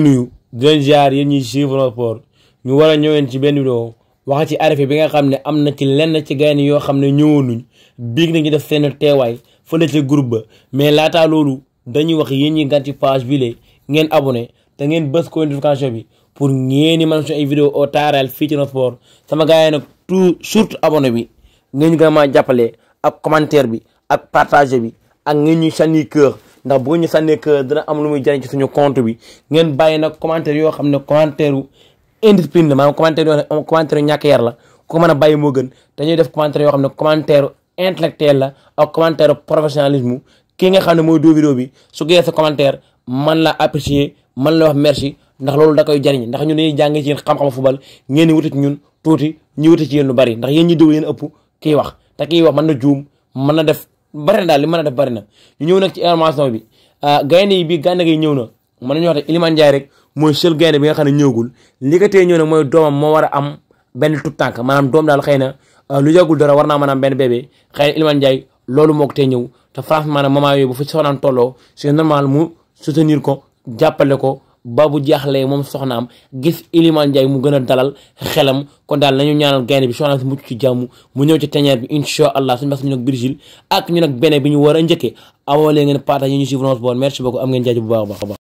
nuyu di leen jaar yéen ñuy suivre ñu war a ci benn vidéo wax ci arrêté bi nga xam ne am na ci lenn ci gaynde yoo xam ne ñëwoonuñ biig nañu def seen teewaay fële ca groupe ba mais laataa loolu dañuy wax yéen ñi gan ci bi le ngeen abonné te ngeen bës ko notification bi pour ngeen man suñu ay vidéo au taaral fii ci sport sama gars yi nag tout surtout abonné bi ngeen ñu a maa jàppale ak commentaire bi ak partage bi ak ngeen ñu ndax boo ñu sànnee dana am lu muy jariñ ci suñu compte bi ngeen bàyyi nag commentaire yoo xam ne commentaire u indiscipline la maanaam commentaire yoo xam ne la ku a bàyyi moo gën dañuy def commentaire yoo xam ne commentaire intellectuel la ak commentaire professionnalisme ki nga xam ne mooy doo vidéo bi su ko sa commentaire man la apprécier man la wax merci ndax loolu da koy jariñ ndax ñun dañuy jàng ci yéen xam-xam football ngeen di wuti ñun tuuti ñu wuti ci yéen lu bari ndax yéen ñi déglu yéen ëpp kii wax te kii wax mën na juum mën na def bari na daal li man na def bari na ñu ñëw nag ci information bi ah, gaynde yi bii gànna gi ñëw na mën nañu wax ne Iliman Ndiaye rek mooy seul gaynde bi nga xam ne ñëwagul li ka tee ñëw na mooy doomam moo war a am benn tout tànk maanaam doom daal xëy na ah, lu yàggul dara war naa man a am benn bébé xëy na Iliman Ndiaye loolu moo ko tee ñëw te franchement maanaam moment yooyu bu fa soxnaam tolloo c'est normal mu soutenir ko jàppale ko ba bu jaaxlee moom soxnaam gis Iliman Ndiaye mu gën a dalal xelam kon daal nañu ñaanal gaynde bi soxnaam si mucc ci jàmm mu ñëw ci teñeer bi incha allah suñu mbas ñu nag Brésil ak ñu nag bene bi ñu war a njëkkee amoo leen ngeen partage ñu suivre nos bon merci beaucoup am ngeen jaajëf bu baax a baax